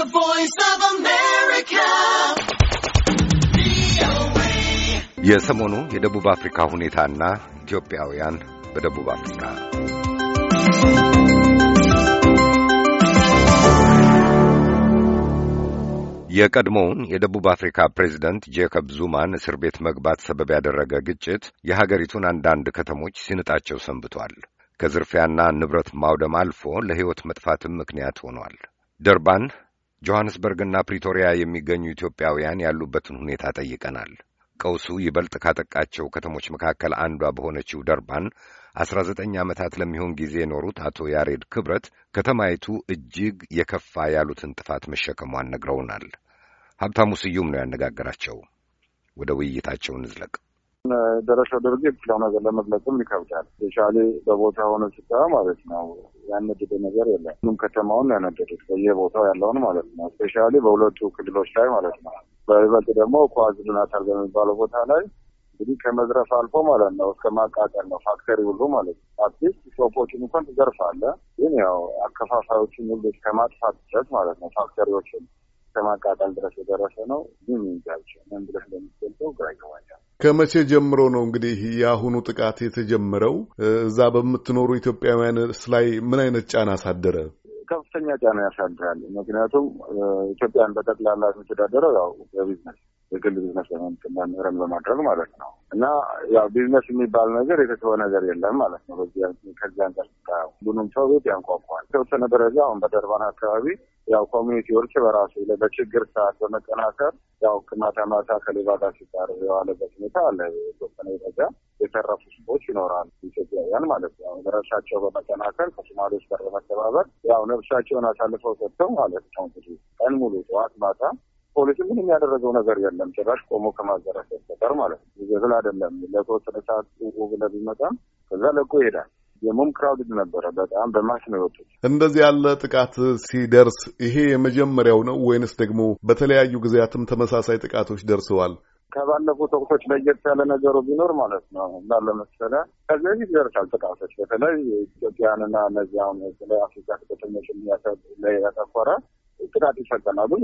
The Voice of America. የሰሞኑ የደቡብ አፍሪካ ሁኔታና ኢትዮጵያውያን በደቡብ አፍሪካ የቀድሞውን የደቡብ አፍሪካ ፕሬዚደንት ጄኮብ ዙማን እስር ቤት መግባት ሰበብ ያደረገ ግጭት የሀገሪቱን አንዳንድ ከተሞች ሲንጣቸው ሰንብቷል። ከዝርፊያና ንብረት ማውደም አልፎ ለሕይወት መጥፋትም ምክንያት ሆኗል። ደርባን ጆሐንስበርግና ፕሪቶሪያ የሚገኙ ኢትዮጵያውያን ያሉበትን ሁኔታ ጠይቀናል። ቀውሱ ይበልጥ ካጠቃቸው ከተሞች መካከል አንዷ በሆነችው ደርባን አስራ ዘጠኝ ዓመታት ለሚሆን ጊዜ የኖሩት አቶ ያሬድ ክብረት ከተማይቱ እጅግ የከፋ ያሉትን ጥፋት መሸከሟን ነግረውናል። ሀብታሙ ስዩም ነው ያነጋገራቸው። ወደ ውይይታቸው እንዝለቅ። ደረሰው ድርጊት ስለሆነ ለመግለጽም ይከብዳል። ስፔሻሊ በቦታ ሆነ ስታ ማለት ነው። ያነደደ ነገር የለም። ሁሉም ከተማውን ያነደዱት በየቦታው ያለውን ማለት ነው። ስፔሻሊ በሁለቱ ክልሎች ላይ ማለት ነው። በይበልጥ ደግሞ ኳዝሉ ናታል በሚባለው ቦታ ላይ እንግዲህ ከመዝረፍ አልፎ ማለት ነው እስከ ማቃጠል ነው። ፋክተሪ ሁሉ ማለት ነው። አርቲስት ሾፖችን እንኳን ትዘርፋለህ፣ ግን ያው አከፋፋዮችን ሁሉ እስከ ማጥፋት ድረስ ማለት ነው ፋክተሪዎችን ከማቃጠል ድረስ የደረሰ ነው። ግን እንጃቸው ምን ብለሽ እንደሚገልጸው ግራ ይገባኛል። ከመቼ ጀምሮ ነው እንግዲህ የአሁኑ ጥቃት የተጀመረው? እዛ በምትኖሩ ኢትዮጵያውያንስ ላይ ምን አይነት ጫና አሳደረ? ከፍተኛ ጫና ያሳድራል። ምክንያቱም ኢትዮጵያን በጠቅላላ የሚተዳደረው ያው በቢዝነስ የግል ቢዝነስ በመምህረን በማድረግ ማለት ነው። እና ያው ቢዝነስ የሚባል ነገር የተተወ ነገር የለም ማለት ነው። በዚህ ከዚህ አንጻር ስታየው ሁሉንም ሰው ቤት ያንቋቋል። የተወሰነ ደረጃ አሁን በደርባን አካባቢ ያው ኮሚኒቲዎች በራሱ በችግር ሰዓት በመጠናከር ያው ማታ ማታ ከሌባ ጋር ሲጣር የዋለበት ሁኔታ አለ። የተወሰነ ደረጃ የተረፉ ሰዎች ይኖራሉ፣ ኢትዮጵያውያን ማለት ነው። በረሻቸው በመጠናከር ከሶማሌዎች ጋር በመተባበር ያው ነብሳቸውን አሳልፈው ሰጥተው ማለት ነው እንግዲህ ቀን ሙሉ ጠዋት ማታ ፖሊስ ምንም ያደረገው ነገር የለም። ጭራሽ ቆሞ ከማዘራት በቀር ማለት ነው። ስለ አይደለም ለተወሰነ ሰዓት ብለ ቢመጣም ከዛ ለቆ ይሄዳል። የሙም ክራውድድ ነበረ። በጣም በማስ ነው የወጡት። እንደዚህ ያለ ጥቃት ሲደርስ ይሄ የመጀመሪያው ነው ወይንስ ደግሞ በተለያዩ ጊዜያትም ተመሳሳይ ጥቃቶች ደርሰዋል? ከባለፉ ተኩሶች ለየት ያለ ነገሩ ቢኖር ማለት ነው እና ለመሰለ ከዚህ በፊት ይደርሳል ጥቃቶች በተለይ ኢትዮጵያንና እነዚህ አሁን ስለ አፍሪካ ስደተኞች ላይ ያተኮረ ጥቃት ይፈጸማል። ብዙ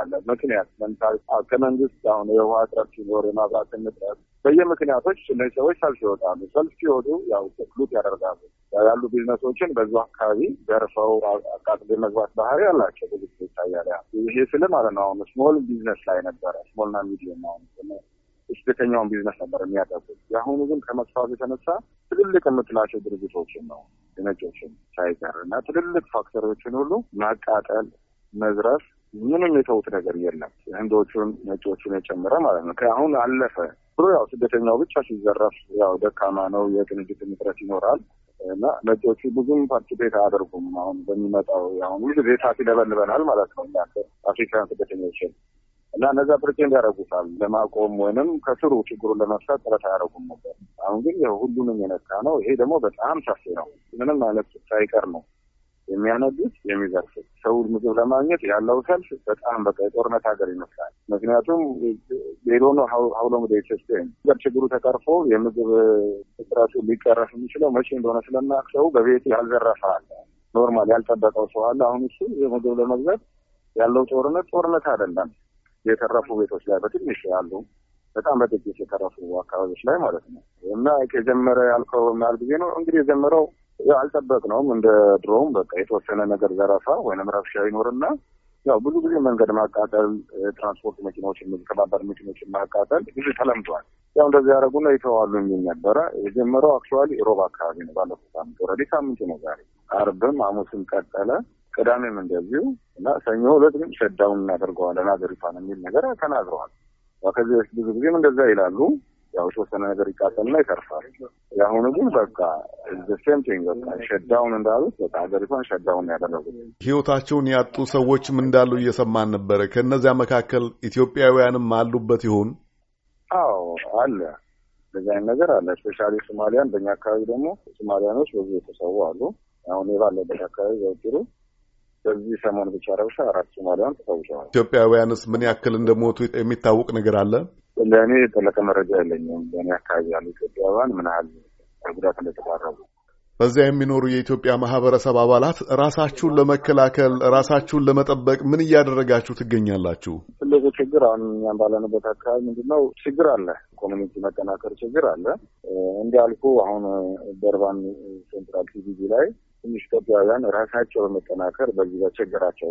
አለ። ምክንያት ለምሳሌ ከመንግስት አሁን የውሃ እጥረት ሲኖር፣ የመብራት እጥረት በየምክንያቶች እነዚህ ሰዎች ሰልፍ ይወጣሉ። ሰልፍ ሲወጡ ያው ሉት ያደርጋሉ። ያሉ ቢዝነሶችን በዙ አካባቢ ዘርፈው አቃጥሎ መግባት ባህሪ ያላቸው ብዙ ጊዜ ይታያል። ይሄ ስል ማለት ነው አሁን ስሞል ቢዝነስ ላይ ነበረ ስሞልና ሚዲየም አሁን ስደተኛውን ቢዝነስ ነበር የሚያደርጉት። የአሁኑ ግን ከመስፋቱ የተነሳ ትልልቅ የምትላቸው ድርጅቶችን ነው የነጮችን ሳይቀር እና ትልልቅ ፋክተሮችን ሁሉ ማቃጠል መዝራት ምንም የተውት ነገር የለም። ህንዶቹን ነጮቹን የጨመረ ማለት ነው። ከአሁን አለፈ ብሎ ያው ስደተኛው ብቻ ሲዘረፍ ያው ደካማ ነው፣ የቅንጅት ምጥረት ይኖራል እና ነጮቹ ብዙም ፓርቲ ቤት አያደርጉም። አሁን በሚመጣው አሁን ሁሉ ጊዜ ታፊ ለበልበናል ማለት ነው እኛ አፍሪካን ስደተኞችን እና እነዛ ፕሪቴንድ ያደረጉታል ለማቆም ወይንም ከስሩ ችግሩን ለመፍታት ጥረት አያደረጉም ነበር። አሁን ግን ሁሉንም የነካ ነው። ይሄ ደግሞ በጣም ሰፊ ነው። ምንም አይነት ሳይቀር ነው የሚያነዱት የሚዘርፉት ሰው ምግብ ለማግኘት ያለው ሰልፍ በጣም በቃ የጦርነት ሀገር ይመስላል። ምክንያቱም ሌሎ ሀውሎ ሀውሎም ወደ ኢትዮጵያ ችግሩ ተቀርፎ የምግብ እጥረቱ ሊቀረፍ የሚችለው መቼ እንደሆነ ስለማያውቅ በቤት ያልዘረፈ አለ፣ ኖርማል ያልጠበቀው ሰው አለ። አሁን እሱ የምግብ ለመግዛት ያለው ጦርነት ጦርነት አይደለም። የተረፉ ቤቶች ላይ በትንሽ ያሉ በጣም በጥቂት የተረፉ አካባቢዎች ላይ ማለት ነው እና የጀመረ ያልከው ያህል ጊዜ ነው እንግዲህ የጀመረው ያው አልጠበቅነውም። እንደ ድሮውም በቃ የተወሰነ ነገር ዘረፋ ወይም ረብሻ ይኖርና ያው ብዙ ጊዜ መንገድ ማቃጠል፣ ትራንስፖርት መኪናዎችን፣ የሚተባበር መኪኖችን ማቃጠል ብዙ ተለምደዋል። ያው እንደዚህ ያደረጉና ይተዋሉ የሚል ነበረ። የጀመረው አክቹዋሊ ሮብ አካባቢ ነው። ባለፈው ሳምንት ወረዴ ሳምንቱ ነው ዛሬ። አርብም ሐሙስም ቀጠለ፣ ቅዳሜም እንደዚሁ እና ሰኞ ዕለት ግን ሸዳውን እናደርገዋለን አገሪቷን የሚል ነገር ተናግረዋል። ከዚህ በፊት ብዙ ጊዜም እንደዛ ይላሉ። ያው የተወሰነ ነገር ይቃጠልና ይተርፋል። የአሁኑ ግን በቃ ዘሴም ቲንግ በቃ ሸዳውን እንዳሉት በቃ ሀገሪቷን ሸዳውን ያደረጉት ህይወታቸውን ያጡ ሰዎችም እንዳሉ እየሰማን ነበረ። ከእነዚያ መካከል ኢትዮጵያውያንም አሉበት ይሆን? አዎ አለ። እንደዚህ አይነት ነገር አለ። ስፔሻሊ ሶማሊያን፣ በእኛ አካባቢ ደግሞ ሶማሊያኖች ብዙ የተሰዉ አሉ። አሁን የባለበት አካባቢ ዘውጭሩ በዚህ ሰሞን ብቻ ረብሻ አራት ሶማሊያን ተሰውተዋል። ኢትዮጵያውያንስ ምን ያክል እንደሞቱ የሚታወቅ ነገር አለ? ለእኔ የጠለቀ መረጃ የለኝም። በእኔ አካባቢ ያሉ ኢትዮጵያውያን ምን ያህል ጉዳት እንደተባረቡ በዚያ የሚኖሩ የኢትዮጵያ ማህበረሰብ አባላት ራሳችሁን ለመከላከል ራሳችሁን ለመጠበቅ ምን እያደረጋችሁ ትገኛላችሁ? ትልቁ ችግር አሁን እኛም ባለንበት አካባቢ ምንድን ነው ችግር አለ፣ ኮሚኒቲ መጠናከር ችግር አለ። እንዲያልኩ አሁን ደርባን ሴንትራል ቲቪቪ ላይ ትንሽ ኢትዮጵያውያን ራሳቸው በመጠናከር በዚህ በቸገራቸው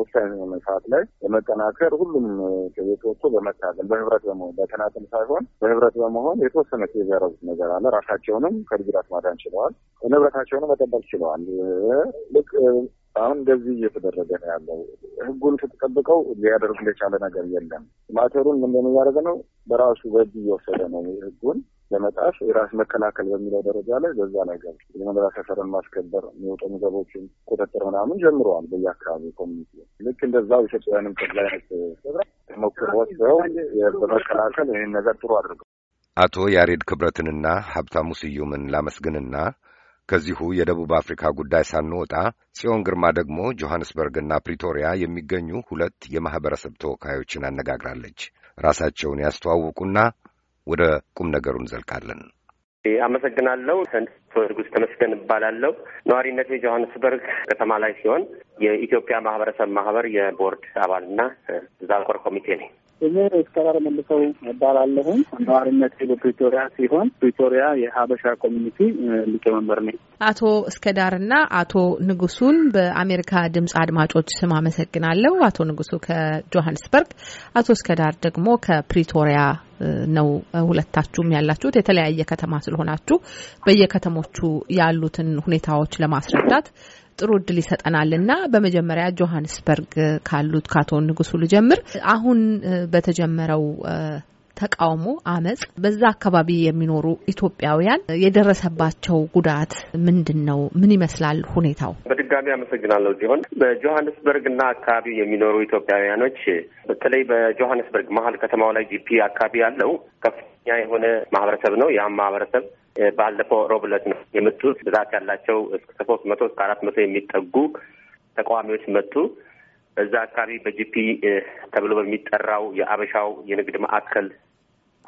ወሳኝ የሆነ ሰዓት ላይ በመጠናከር ሁሉም ከቤት ወጥቶ በመታገል በህብረት በመሆን በተናጥል ሳይሆን በህብረት በመሆን የተወሰነ የዘረቡት ነገር አለ። ራሳቸውንም ከጉዳት ማዳን ችለዋል። ንብረታቸውንም መጠበቅ ችለዋል። ልክ አሁን እንደዚህ እየተደረገ ነው ያለው። ህጉን ስትጠብቀው ሊያደርጉ የቻለ ነገር የለም። ማተሩን እንደሚያደርግ ነው በራሱ በእጅ እየወሰደ ነው ህጉን ለመጣፍ የራስ መከላከል በሚለው ደረጃ ላይ በዛ ላይ ገብ የመኖሪያ ሰፈርን ማስከበር የሚወጡ ምግቦችን ቁጥጥር ምናምን ጀምረዋል። በየአካባቢ ኮሚኒቲ ልክ እንደዛው ኢትዮጵያውያንም ከዛ አይነት ሞክር ወስደው በመከላከል ይህን ነገር ጥሩ አድርገው አቶ ያሬድ ክብረትንና ሀብታሙ ስዩምን ላመስግንና ከዚሁ የደቡብ አፍሪካ ጉዳይ ሳንወጣ ጽዮን ግርማ ደግሞ ጆሐንስበርግና ፕሪቶሪያ የሚገኙ ሁለት የማኅበረሰብ ተወካዮችን አነጋግራለች። ራሳቸውን ያስተዋውቁና ወደ ቁም ነገሩ እንዘልቃለን። አመሰግናለሁ። ንጉስ ተመስገን እባላለሁ። ነዋሪነቴ የጆሀንስበርግ ከተማ ላይ ሲሆን የኢትዮጵያ ማህበረሰብ ማህበር የቦርድ አባልና ዛቆር ኮሚቴ ነኝ። እኔ እስከራር መልሰው እባላለሁኝ። ነዋሪነት በፕሪቶሪያ ሲሆን ፕሪቶሪያ የሀበሻ ኮሚኒቲ ሊቀመንበር ነኝ። አቶ እስከዳርና አቶ ንጉሱን በአሜሪካ ድምጽ አድማጮች ስም አመሰግናለሁ። አቶ ንጉሱ ከጆሀንስበርግ፣ አቶ እስከዳር ደግሞ ከፕሪቶሪያ ነው። ሁለታችሁም ያላችሁት የተለያየ ከተማ ስለሆናችሁ በየከተሞቹ ያሉትን ሁኔታዎች ለማስረዳት ጥሩ እድል ይሰጠናል እና በመጀመሪያ ጆሀንስበርግ ካሉት ከአቶ ንጉሱ ልጀምር። አሁን በተጀመረው ተቃውሞ፣ አመፅ በዛ አካባቢ የሚኖሩ ኢትዮጵያውያን የደረሰባቸው ጉዳት ምንድን ነው? ምን ይመስላል ሁኔታው? በድጋሚ አመሰግናለሁ ሲሆን በጆሀንስበርግ እና አካባቢ የሚኖሩ ኢትዮጵያውያኖች በተለይ በጆሀንስበርግ መሀል ከተማው ላይ ጂፒ አካባቢ ያለው ከፍተኛ የሆነ ማህበረሰብ ነው። ያም ማህበረሰብ ባለፈው ሮብ ዕለት ነው የመጡት። ብዛት ያላቸው እስከ ሶስት መቶ እስከ አራት መቶ የሚጠጉ ተቃዋሚዎች መጡ። በዛ አካባቢ በጂፒ ተብሎ በሚጠራው የአበሻው የንግድ ማዕከል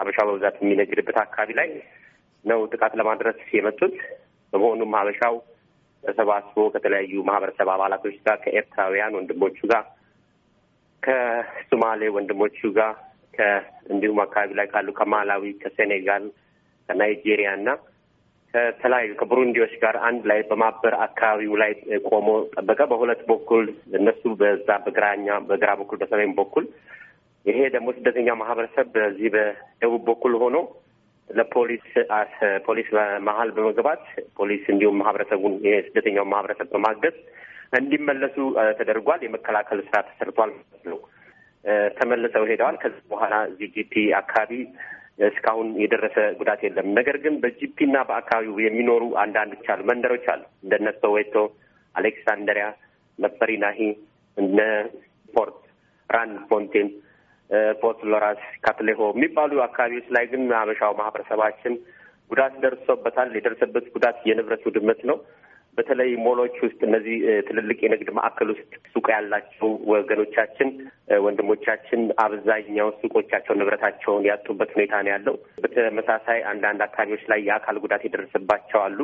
ሀበሻ በብዛት የሚነግድበት አካባቢ ላይ ነው ጥቃት ለማድረስ የመጡት። በመሆኑም ሀበሻው ተሰባስቦ ከተለያዩ ማህበረሰብ አባላቶች ጋር ከኤርትራውያን ወንድሞቹ ጋር ከሶማሌ ወንድሞቹ ጋር እንዲሁም አካባቢ ላይ ካሉ ከማላዊ፣ ከሴኔጋል፣ ከናይጄሪያ እና ከተለያዩ ከቡሩንዲዎች ጋር አንድ ላይ በማበር አካባቢው ላይ ቆሞ ጠበቀ። በሁለት በኩል እነሱ በዛ በግራኛ በግራ በኩል በሰሜን በኩል ይሄ ደግሞ ስደተኛ ማህበረሰብ በዚህ በደቡብ በኩል ሆኖ ለፖሊስ ፖሊስ መሀል በመግባት ፖሊስ እንዲሁም ማህበረሰቡን የስደተኛውን ማህበረሰብ በማገዝ እንዲመለሱ ተደርጓል። የመከላከል ስራ ተሰርቷል ማለት ነው። ተመልሰው ሄደዋል። ከዚህ በኋላ እዚህ ጂፒ አካባቢ እስካሁን የደረሰ ጉዳት የለም። ነገር ግን በጂፒ እና በአካባቢው የሚኖሩ አንዳንድ አሉ፣ መንደሮች አሉ። እንደነ ሶዌቶ፣ አሌክሳንደሪያ፣ ነፈሪናሂ፣ እነ ፖርት ራንድ ፎንቴን ፖርት ሎራስ፣ ካትሌሆ የሚባሉ አካባቢዎች ላይ ግን አበሻው ማህበረሰባችን ጉዳት ደርሶበታል። የደረሰበት ጉዳት የንብረት ውድመት ነው። በተለይ ሞሎች ውስጥ እነዚህ ትልልቅ የንግድ ማዕከል ውስጥ ሱቅ ያላቸው ወገኖቻችን ወንድሞቻችን አብዛኛው ሱቆቻቸው ንብረታቸውን ያጡበት ሁኔታ ነው ያለው። በተመሳሳይ አንዳንድ አካባቢዎች ላይ የአካል ጉዳት የደረሰባቸው አሉ።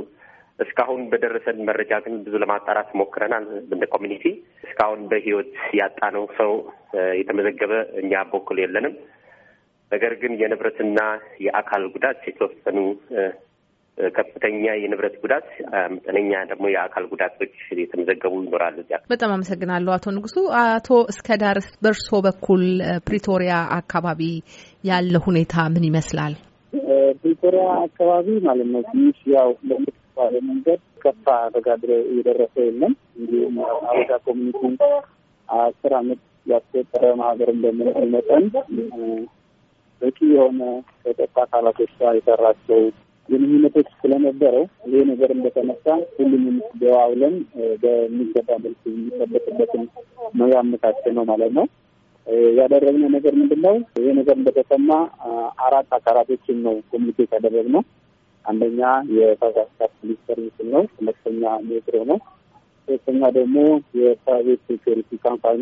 እስካሁን በደረሰን መረጃ ግን ብዙ ለማጣራት ሞክረናል። እንደ ኮሚኒቲ እስካሁን በህይወት ያጣነው ሰው የተመዘገበ እኛ በኩል የለንም። ነገር ግን የንብረትና የአካል ጉዳት የተወሰኑ ከፍተኛ የንብረት ጉዳት መጠነኛ ደግሞ የአካል ጉዳቶች የተመዘገቡ ይኖራሉ። እዚያ በጣም አመሰግናለሁ አቶ ንጉሱ። አቶ እስከ ዳርስ በእርሶ በኩል ፕሪቶሪያ አካባቢ ያለ ሁኔታ ምን ይመስላል? ፕሪቶሪያ አካባቢ ማለት ነው ትንሽ ያው ባለ መንገድ ከፋ አደጋ እየደረሰ የለም። እንዲሁም አበዳ ኮሚኒቲ አስር አመት ያስቆጠረ ማህበር እንደምንል መጠን በቂ የሆነ ከጸጥታ አካላቶች ጋር የሰራቸው ግንኙነቶች ስለነበረው ይህ ነገር እንደተነሳ ሁሉንም ደዋውለን በሚገባ መልክ የሚጠበቅበትን ነው ያመቻቸ ነው ማለት ነው። ያደረግነው ነገር ምንድን ነው? ይሄ ነገር እንደተሰማ አራት አካላቶችን ነው ኮሚኒኬት ያደረግነው። አንደኛ የፋዛካ አፍሪካ ፖሊስ ሰርቪስ ነው። ሁለተኛ ሜትሮ ነው። ሶስተኛ ደግሞ የፕራይቬት ሴኩሪቲ ካምፓኒ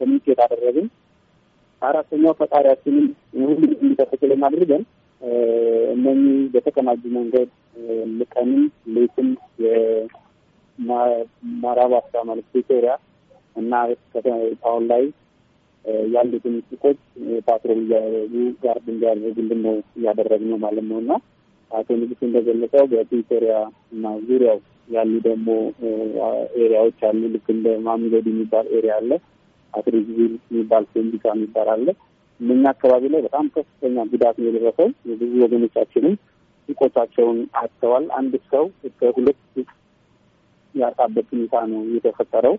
ኮሚኒኬት አደረግን። አራተኛው ፈጣሪያችንን ሁሉ እንዲተፈክልን አድርገን እነኚህ በተቀናጁ መንገድ ልቀንም ሌትም የማራብ ስራ ማለት ፕሪቶሪያ እና ታውን ላይ ያሉትን ሱቆች ፓትሮል እያደረጉ ጋርድ እንዲያደርጉልን ነው እያደረግነው ማለት ነው እና አቶ ንጉሱ እንደገለጸው በፕሪቶሪያ እና ዙሪያው ያሉ ደግሞ ኤሪያዎች አሉ። ልክ እንደ ማሚሎዲ የሚባል ኤሪያ አለ። አትሪዝቪል የሚባል ሴንዲካ የሚባል አለ። እነኛ አካባቢ ላይ በጣም ከፍተኛ ጉዳት ነው የደረሰው። ብዙ ወገኖቻችንም ሱቆቻቸውን አጥተዋል። አንድ ሰው እስከ ሁለት ሱቅ ያጣበት ሁኔታ ነው የተፈጠረው።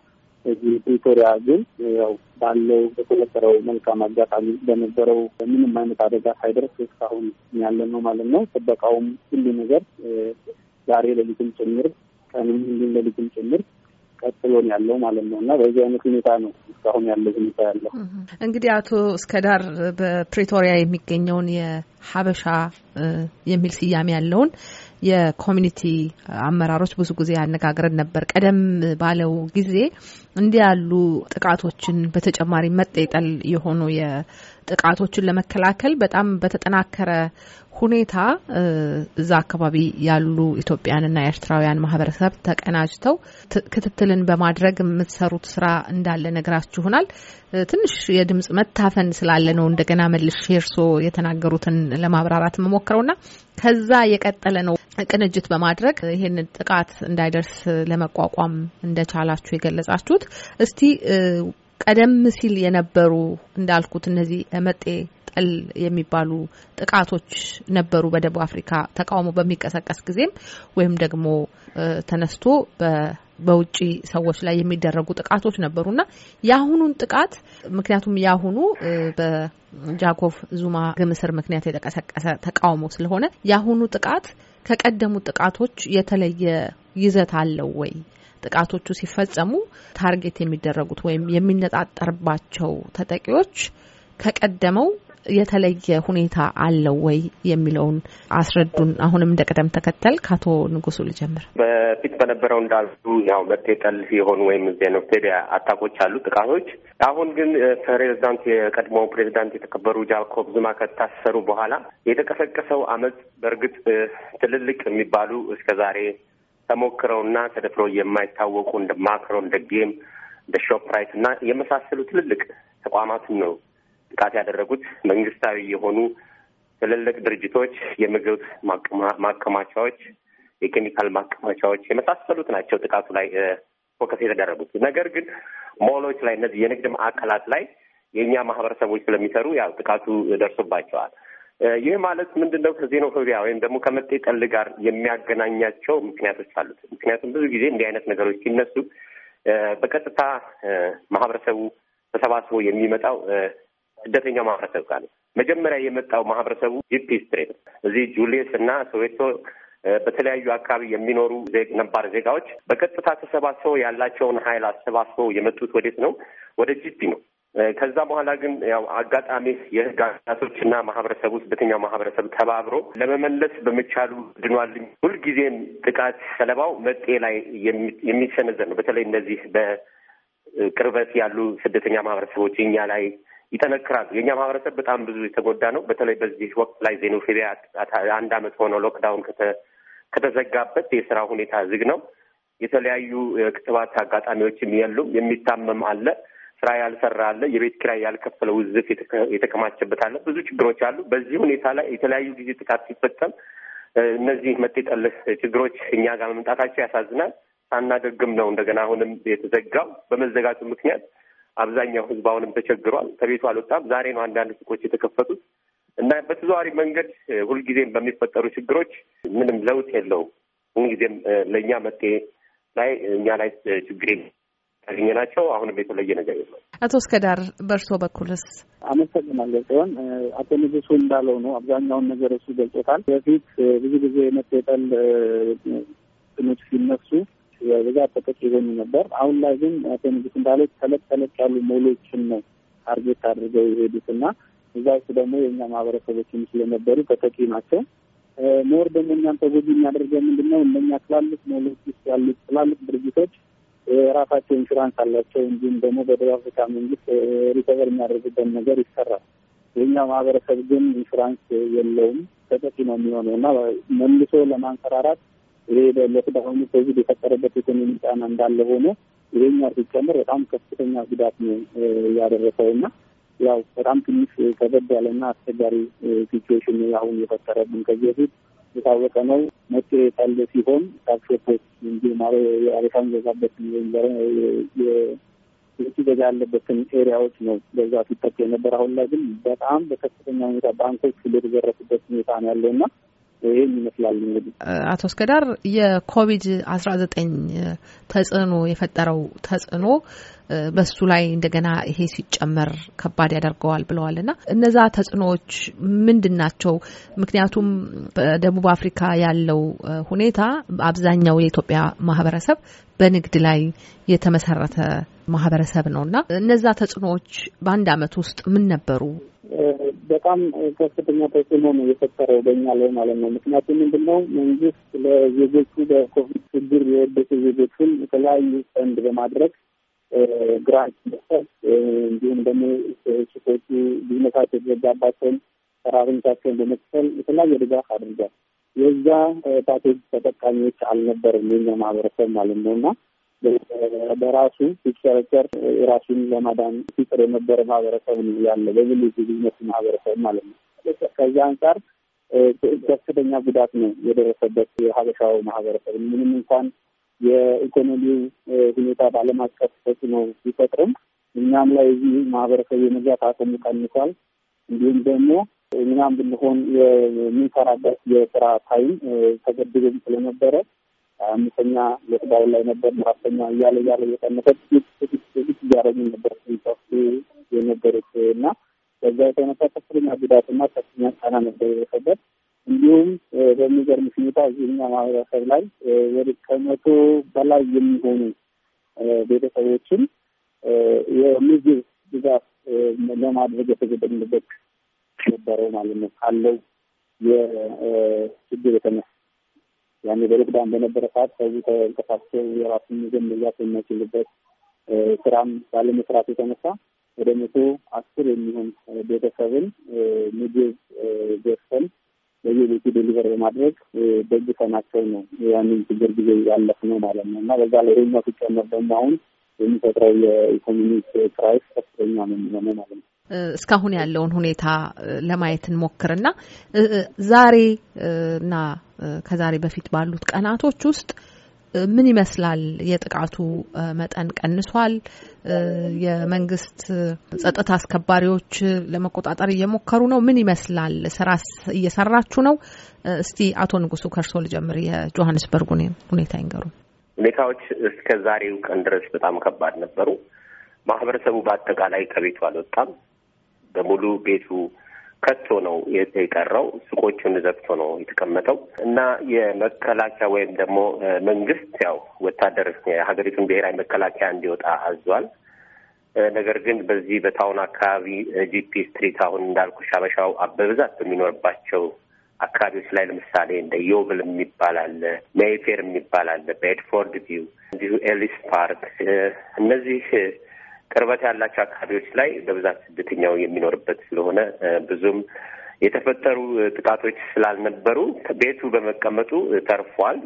እዚህ ፕሪቶሪያ ግን ያው ባለው በተፈጠረው መልካም አጋጣሚ በነበረው ምንም አይነት አደጋ ሳይደርስ እስካሁን ያለን ነው ማለት ነው። ጥበቃውም ሁሉ ነገር ዛሬ ሌሊትም ጭምር ቀንም ሁሉም ሌሊትም ጭምር ቀጥሎን ያለው ማለት ነው እና በዚህ አይነት ሁኔታ ነው እስካሁን ያለ ሁኔታ ያለው። እንግዲህ አቶ እስከዳር በፕሬቶሪያ የሚገኘውን የሀበሻ የሚል ስያሜ ያለውን የኮሚኒቲ አመራሮች ብዙ ጊዜ ያነጋግረን ነበር። ቀደም ባለው ጊዜ እንዲህ ያሉ ጥቃቶችን በተጨማሪ መጠጠል የሆኑ የጥቃቶችን ለመከላከል በጣም በተጠናከረ ሁኔታ እዛ አካባቢ ያሉ ኢትዮጵያንና ኤርትራውያን ማህበረሰብ ተቀናጅተው ክትትልን በማድረግ የምትሰሩት ስራ እንዳለ ነግራችሁናል። ትንሽ የድምጽ መታፈን ስላለ ነው እንደገና መልሽ እርሶ የተናገሩትን ለማብራራት የምሞክረውና ከዛ የቀጠለ ነው ቅንጅት በማድረግ ይህን ጥቃት እንዳይደርስ ለመቋቋም እንደቻላችሁ የገለጻችሁት እስቲ ቀደም ሲል የነበሩ እንዳልኩት እነዚህ መጤ ጠል የሚባሉ ጥቃቶች ነበሩ። በደቡብ አፍሪካ ተቃውሞ በሚቀሰቀስ ጊዜም ወይም ደግሞ ተነስቶ በውጭ ሰዎች ላይ የሚደረጉ ጥቃቶች ነበሩና የአሁኑን ጥቃት ምክንያቱም የአሁኑ በጃኮቭ ዙማ ግምስር ምክንያት የተቀሰቀሰ ተቃውሞ ስለሆነ የአሁኑ ጥቃት ከቀደሙ ጥቃቶች የተለየ ይዘት አለው ወይ? ጥቃቶቹ ሲፈጸሙ ታርጌት የሚደረጉት ወይም የሚነጣጠርባቸው ተጠቂዎች ከቀደመው የተለየ ሁኔታ አለው ወይ የሚለውን አስረዱን። አሁንም እንደ ቅደም ተከተል ከአቶ ንጉሱ ልጀምር። በፊት በነበረው እንዳሉ ያው መጤጠል ሲሆን ወይም ዜኖፌቢያ አታኮች አሉ ጥቃቶች። አሁን ግን ፕሬዚዳንት የቀድሞ ፕሬዚዳንት የተከበሩ ጃኮብ ዙማ ከታሰሩ በኋላ የተቀሰቀሰው አመፅ በእርግጥ ትልልቅ የሚባሉ እስከ ዛሬ ተሞክረውና ተደፍረው የማይታወቁ እንደ ማክሮ፣ እንደ ጌም፣ እንደ ሾፕራይት እና የመሳሰሉ ትልልቅ ተቋማትን ነው ጥቃት ያደረጉት። መንግስታዊ የሆኑ ትልልቅ ድርጅቶች፣ የምግብ ማከማቻዎች፣ የኬሚካል ማከማቻዎች የመሳሰሉት ናቸው ጥቃቱ ላይ ፎከስ የተደረጉት። ነገር ግን ሞሎች ላይ፣ እነዚህ የንግድ ማዕከላት ላይ የእኛ ማህበረሰቦች ስለሚሰሩ ያው ጥቃቱ ደርሶባቸዋል። ይህ ማለት ምንድን ነው? ከዜኖፎቢያ ወይም ደግሞ ከመጤ ጠል ጋር የሚያገናኛቸው ምክንያቶች አሉት። ምክንያቱም ብዙ ጊዜ እንዲህ አይነት ነገሮች ሲነሱ በቀጥታ ማህበረሰቡ ተሰባስቦ የሚመጣው ስደተኛው ማህበረሰብ ጋር ነው። መጀመሪያ የመጣው ማህበረሰቡ ጂፒ ስትሬት እዚህ ጁሊየስ እና ሶዌቶ በተለያዩ አካባቢ የሚኖሩ ነባር ዜጋዎች በቀጥታ ተሰባስበው ያላቸውን ኃይል አሰባስበው የመጡት ወዴት ነው? ወደ ጂፒ ነው። ከዛ በኋላ ግን ያው አጋጣሚ የህግ አቶች እና ማህበረሰብ ውስጥ በትኛው ማህበረሰብ ተባብሮ ለመመለስ በመቻሉ ድኗልኝ። ሁልጊዜም ጥቃት ሰለባው መጤ ላይ የሚሰነዘር ነው። በተለይ እነዚህ በቅርበት ያሉ ስደተኛ ማህበረሰቦች እኛ ላይ ይጠነክራሉ። የእኛ ማህበረሰብ በጣም ብዙ የተጎዳ ነው። በተለይ በዚህ ወቅት ላይ ዜኖፌቢያ አንድ አመት ሆነው ሎክዳውን ከተዘጋበት የስራ ሁኔታ ዝግ ነው። የተለያዩ ክትባት አጋጣሚዎችም የሉም። የሚታመም አለ ስራ ያልሰራ አለ፣ የቤት ኪራይ ያልከፈለ ውዝፍ የተከማቸበት አለ። ብዙ ችግሮች አሉ። በዚህ ሁኔታ ላይ የተለያዩ ጊዜ ጥቃት ሲፈጸም እነዚህ መጤጠልህ ችግሮች እኛ ጋር መምጣታቸው ያሳዝናል። ሳናገግም ነው እንደገና አሁንም የተዘጋው። በመዘጋቱ ምክንያት አብዛኛው ህዝብ አሁንም ተቸግሯል። ከቤቱ አልወጣም። ዛሬ ነው አንዳንድ ሱቆች የተከፈቱት እና በተዘዋዋሪ መንገድ ሁልጊዜም በሚፈጠሩ ችግሮች ምንም ለውጥ የለውም። ሁልጊዜም ለእኛ መጤ ላይ እኛ ላይ ችግር የለም። ያገኘ ናቸው። አሁንም የተለየ ነገር የለም። አቶ እስከዳር በእርሶ በኩልስ? አመሰግናለሁ ሲሆን አቶ ንጉሱ እንዳለው ነው። አብዛኛውን ነገር እሱ ገልጾታል። በፊት ብዙ ጊዜ መጤጠል ትኖች ሲነሱ በብዛት ተጠቂ ይሆኑ ነበር። አሁን ላይ ግን አቶ ንጉስ እንዳለው ተለቅ ተለቅ ያሉ ሞሎችን ነው ታርጌት አድርገው የሄዱት እና እዛ ውስጥ ደግሞ የእኛ ማህበረሰቦችም ስለነበሩ ተጠቂ ናቸው። ሞር ደግሞ እኛን ተጎጂ የሚያደርገው ምንድነው እነኛ ትላልቅ ሞሎች ውስጥ ያሉት ትላልቅ ድርጅቶች የራሳቸው ኢንሹራንስ አላቸው። እንዲሁም ደግሞ በደቡብ አፍሪካ መንግስት ሪከቨር የሚያደርጉበት ነገር ይሰራል። የኛው ማህበረሰብ ግን ኢንሹራንስ የለውም፣ ተጠቂ ነው የሚሆነው እና መልሶ ለማንሰራራት ይሄ በለት በአሁኑ ኮቪድ የፈጠረበት ኢኮኖሚ ጫና እንዳለ ሆኖ ይሄኛው ሲጨምር በጣም ከፍተኛ ጉዳት ነው እያደረሰው እና ያው በጣም ትንሽ ከበድ ያለና አስቸጋሪ ሲትዌሽን አሁን የፈጠረብን ከዚህ በፊት የታወቀ ነው። መጤ የታለ ሲሆን ታክሶፖች እንዲሁም አሬፋ ገዛበት ወይም ውጭ ገዛ ያለበትን ኤሪያዎች ነው በዛ ሲጠቅ የነበር። አሁን ላይ ግን በጣም በከፍተኛ ሁኔታ ባንኮች ሁሉ የተዘረፉበት ሁኔታ ነው ያለው እና ይህን ይመስላል እንግዲህ አቶ እስከዳር የኮቪድ አስራ ዘጠኝ ተጽዕኖ የፈጠረው ተጽዕኖ በሱ ላይ እንደገና ይሄ ሲጨመር ከባድ ያደርገዋል ብለዋል እና እነዛ ተጽዕኖዎች ምንድን ናቸው? ምክንያቱም በደቡብ አፍሪካ ያለው ሁኔታ አብዛኛው የኢትዮጵያ ማህበረሰብ በንግድ ላይ የተመሰረተ ማህበረሰብ ነው እና እነዛ ተጽዕኖዎች በአንድ አመት ውስጥ ምን ነበሩ? በጣም ከፍተኛ ተጽዕኖ ነው የፈጠረው በኛ ላይ ማለት ነው። ምክንያቱም ምንድነው መንግስት ለዜጎቹ በኮቪድ ችግር የወደቁ ዜጎቹን የተለያዩ ፈንድ በማድረግ ግራንት መስጠት እንዲሁም ደግሞ ሱቆቹ ቢዝነሳቸው የተዘጋባቸውን ሰራተኞቻቸውን በመክፈል የተለያየ ድጋፍ አድርጓል። የዛ ፓኬጅ ተጠቃሚዎች አልነበርም የኛ ማህበረሰብ ማለት ነው እና በራሱ ሲቸረቸር የራሱን ለማዳን ሲጥር የነበረ ማህበረሰብ ነው ያለ በግል ቢዝነስ ማህበረሰብ ማለት ነው። ከዚያ አንጻር ከፍተኛ ጉዳት ነው የደረሰበት የሀበሻው ማህበረሰብ። ምንም እንኳን የኢኮኖሚው ሁኔታ በዓለም አቀፍ ተጽዕኖ ቢፈጥርም እኛም ላይ እዚህ ማህበረሰብ የመግዛት አቅሙ ቀንሷል። እንዲሁም ደግሞ እኛም ብንሆን የምንሰራበት የስራ ታይም ተገድብም ስለነበረ አምስተኛ ሎክዳውን ላይ ነበር። አራተኛ እያለ እያለ እየቀነሰች ፊት እያደረጉ ነበር ሚጠፍ የነበሩት እና በዛ የተነሳ ከፍተኛ ጉዳትና ከፍተኛ ጫና ነበር የደረሰበት። እንዲሁም በሚገርም ሁኔታ እዚህኛ ማህበረሰብ ላይ ወደ ከመቶ በላይ የሚሆኑ ቤተሰቦችን የምግብ ድጋፍ ለማድረግ የተገደምበት ነበረው ማለት ነው ካለው የችግር የተነሳ ያኔ በልቅዳን በነበረ ሰዓት ከዚህ ተንቀሳቅሶ የራሱ ምግብ መግዛት የማይችልበት ስራም ባለመስራት የተነሳ ወደ መቶ አስር የሚሆን ቤተሰብን ምግብ ገዝተን በየቤቱ ዴሊቨር በማድረግ ደግፈናቸው ነው ያንን ችግር ጊዜ ያለፍ ነው ማለት ነው። እና በዛ ላይ ይሄኛው ሲጨመር ደግሞ አሁን የሚፈጥረው የኢኮኖሚ ክራይስ ከፍተኛ ነው የሚሆነው ማለት ነው። እስካሁን ያለውን ሁኔታ ለማየት እንሞክርና ዛሬ እና ከዛሬ በፊት ባሉት ቀናቶች ውስጥ ምን ይመስላል? የጥቃቱ መጠን ቀንሷል? የመንግስት ጸጥታ አስከባሪዎች ለመቆጣጠር እየሞከሩ ነው? ምን ይመስላል? ስራስ እየሰራችሁ ነው? እስቲ አቶ ንጉሱ ከእርሶ ልጀምር። የጆሀንስበርጉን ሁኔታ ይንገሩ። ሁኔታዎች እስከ ዛሬው ቀን ድረስ በጣም ከባድ ነበሩ። ማህበረሰቡ በአጠቃላይ ከቤቱ አልወጣም። በሙሉ ቤቱ ከቶ ነው የቀረው። ሱቆቹን ዘግቶ ነው የተቀመጠው እና የመከላከያ ወይም ደግሞ መንግስት ያው ወታደር የሀገሪቱን ብሔራዊ መከላከያ እንዲወጣ አዟል። ነገር ግን በዚህ በታውን አካባቢ ጂፒ ስትሪት አሁን እንዳልኩ ሻበሻው በብዛት በሚኖርባቸው አካባቢዎች ላይ ለምሳሌ እንደ ዮብል የሚባል አለ፣ ሜይፌር የሚባል አለ፣ ቪው፣ እንዲሁ ኤሊስ ፓርክ እነዚህ ቅርበት ያላቸው አካባቢዎች ላይ በብዛት ስደተኛው የሚኖርበት ስለሆነ ብዙም የተፈጠሩ ጥቃቶች ስላልነበሩ ቤቱ በመቀመጡ ተርፏል።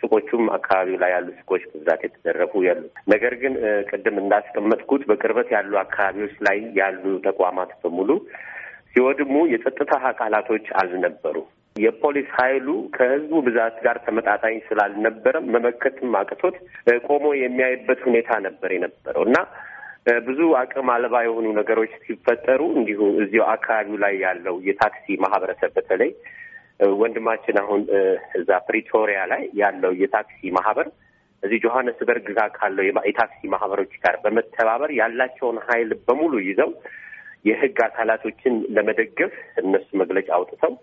ሱቆቹም አካባቢው ላይ ያሉ ሱቆች በብዛት የተዘረፉ ያሉ፣ ነገር ግን ቅድም እንዳስቀመጥኩት በቅርበት ያሉ አካባቢዎች ላይ ያሉ ተቋማት በሙሉ ሲወድሙ የጸጥታ አካላቶች አልነበሩ። የፖሊስ ኃይሉ ከህዝቡ ብዛት ጋር ተመጣጣኝ ስላልነበረም መመከትም አቅቶት ቆሞ የሚያይበት ሁኔታ ነበር የነበረው እና ብዙ አቅም አልባ የሆኑ ነገሮች ሲፈጠሩ እንዲሁ እዚያው አካባቢው ላይ ያለው የታክሲ ማህበረሰብ በተለይ ወንድማችን አሁን እዛ ፕሪቶሪያ ላይ ያለው የታክሲ ማህበር እዚህ ጆሀንስበርግ ጋር ካለው የታክሲ ማህበሮች ጋር በመተባበር ያላቸውን ኃይል በሙሉ ይዘው የህግ አካላቶችን ለመደገፍ እነሱ መግለጫ አውጥተው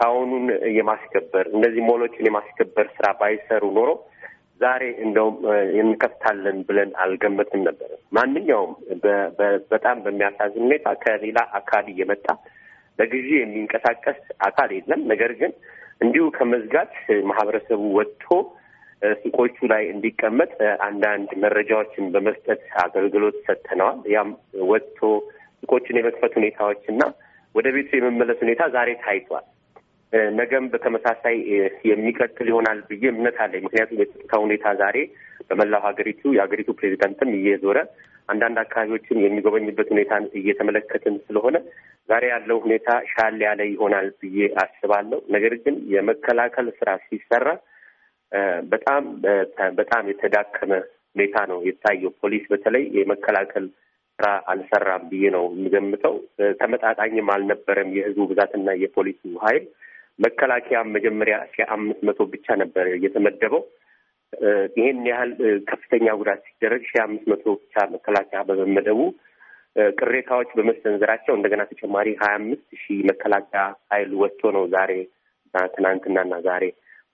ታውኑን የማስከበር እነዚህ ሞሎችን የማስከበር ስራ ባይሰሩ ኖሮ ዛሬ እንደውም እንከፍታለን ብለን አልገመትም ነበር። ማንኛውም በጣም በሚያሳዝን ሁኔታ ከሌላ አካል እየመጣ በግዢ የሚንቀሳቀስ አካል የለም። ነገር ግን እንዲሁ ከመዝጋት ማህበረሰቡ ወጥቶ ሱቆቹ ላይ እንዲቀመጥ አንዳንድ መረጃዎችን በመስጠት አገልግሎት ሰጥተነዋል። ያም ወጥቶ ሱቆችን የመክፈት ሁኔታዎች እና ወደ ቤቱ የመመለስ ሁኔታ ዛሬ ታይቷል። ነገም በተመሳሳይ የሚቀጥል ይሆናል ብዬ እምነት አለኝ። ምክንያቱም የጸጥታ ሁኔታ ዛሬ በመላው ሀገሪቱ የሀገሪቱ ፕሬዚዳንትም እየዞረ አንዳንድ አካባቢዎችን የሚጎበኝበት ሁኔታን እየተመለከትን ስለሆነ ዛሬ ያለው ሁኔታ ሻል ያለ ይሆናል ብዬ አስባለሁ። ነገር ግን የመከላከል ስራ ሲሰራ በጣም በጣም የተዳከመ ሁኔታ ነው የታየው። ፖሊስ በተለይ የመከላከል ስራ አልሰራም ብዬ ነው የሚገምተው። ተመጣጣኝም አልነበረም የህዝቡ ብዛትና የፖሊሱ ኃይል መከላከያ መጀመሪያ እስከ አምስት መቶ ብቻ ነበር የተመደበው። ይህን ያህል ከፍተኛ ጉዳት ሲደረግ ሺ አምስት መቶ ብቻ መከላከያ በመመደቡ ቅሬታዎች በመሰንዘራቸው እንደገና ተጨማሪ ሀያ አምስት ሺህ መከላከያ ኃይል ወጥቶ ነው ዛሬ ትናንትናና ዛሬ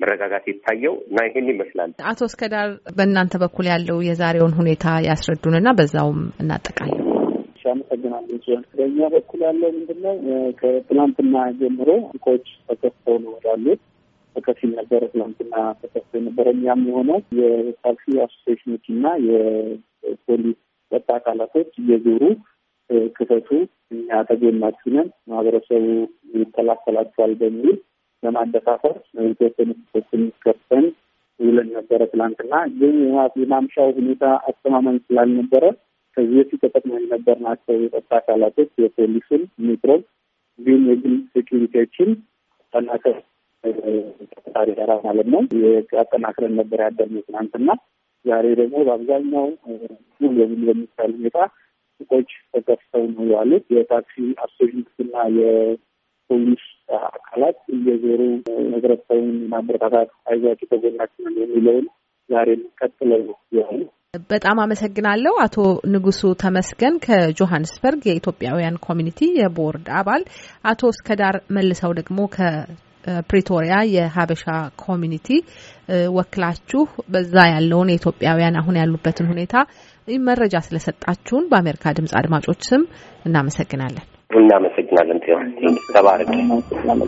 መረጋጋት የታየው እና ይህን ይመስላል። አቶ እስከዳር በእናንተ በኩል ያለው የዛሬውን ሁኔታ እና በዛውም እናጠቃለን። አመሰግናለሁ ሲሆን በእኛ በኩል ያለው ምንድን ነው? ከትናንትና ጀምሮ ሱቆች ተከፍተው ነው ወዳሉት በከፊል ነበረ ትላንትና ተከፍቶ የነበረ። እኛም የሆነው የታክሲ አሶሴሽኖች እና የፖሊስ ጸጥታ አካላቶች እየዞሩ ክፈቱ፣ እኛ አጠገባችሁ ነን፣ ማህበረሰቡ ይከላከላቸዋል በሚል ለማደፋፈር የተወሰኑ ሱቆችን ከፍተን ውለን ነበረ ትላንትና ግን የማምሻው ሁኔታ አስተማማኝ ስላልነበረ ከዚህ በፊት ተጠቅመን የነበርናቸው የጸጥታ አካላቶች የፖሊስን፣ ሚትሮን እንዲሁም የግል ሴኪሪቲዎችን ጠናከር ተፈጣሪ ጋራ ማለት ነው አጠናክረን ነበር ያደርነው ትናንትና። ዛሬ ደግሞ በአብዛኛው ሙሉ በሙሉ በሚባል ሁኔታ ሱቆች ተከፍተው ነው ያሉት። የታክሲ አሶሽንስ እና የፖሊስ አካላት እየዞሩ ህብረተሰቡን ማበረታታት አይዟቸው፣ ከጎናችን የሚለውን ዛሬ ቀጥለው ያሉት በጣም አመሰግናለሁ። አቶ ንጉሱ ተመስገን ከጆሀንስበርግ የኢትዮጵያውያን ኮሚኒቲ የቦርድ አባል፣ አቶ እስከዳር መልሰው ደግሞ ከፕሪቶሪያ የሀበሻ ኮሚኒቲ ወክላችሁ በዛ ያለውን የኢትዮጵያውያን አሁን ያሉበትን ሁኔታ መረጃ ስለሰጣችሁን በአሜሪካ ድምጽ አድማጮች ስም እናመሰግናለን። እናመሰግናለን። ጤና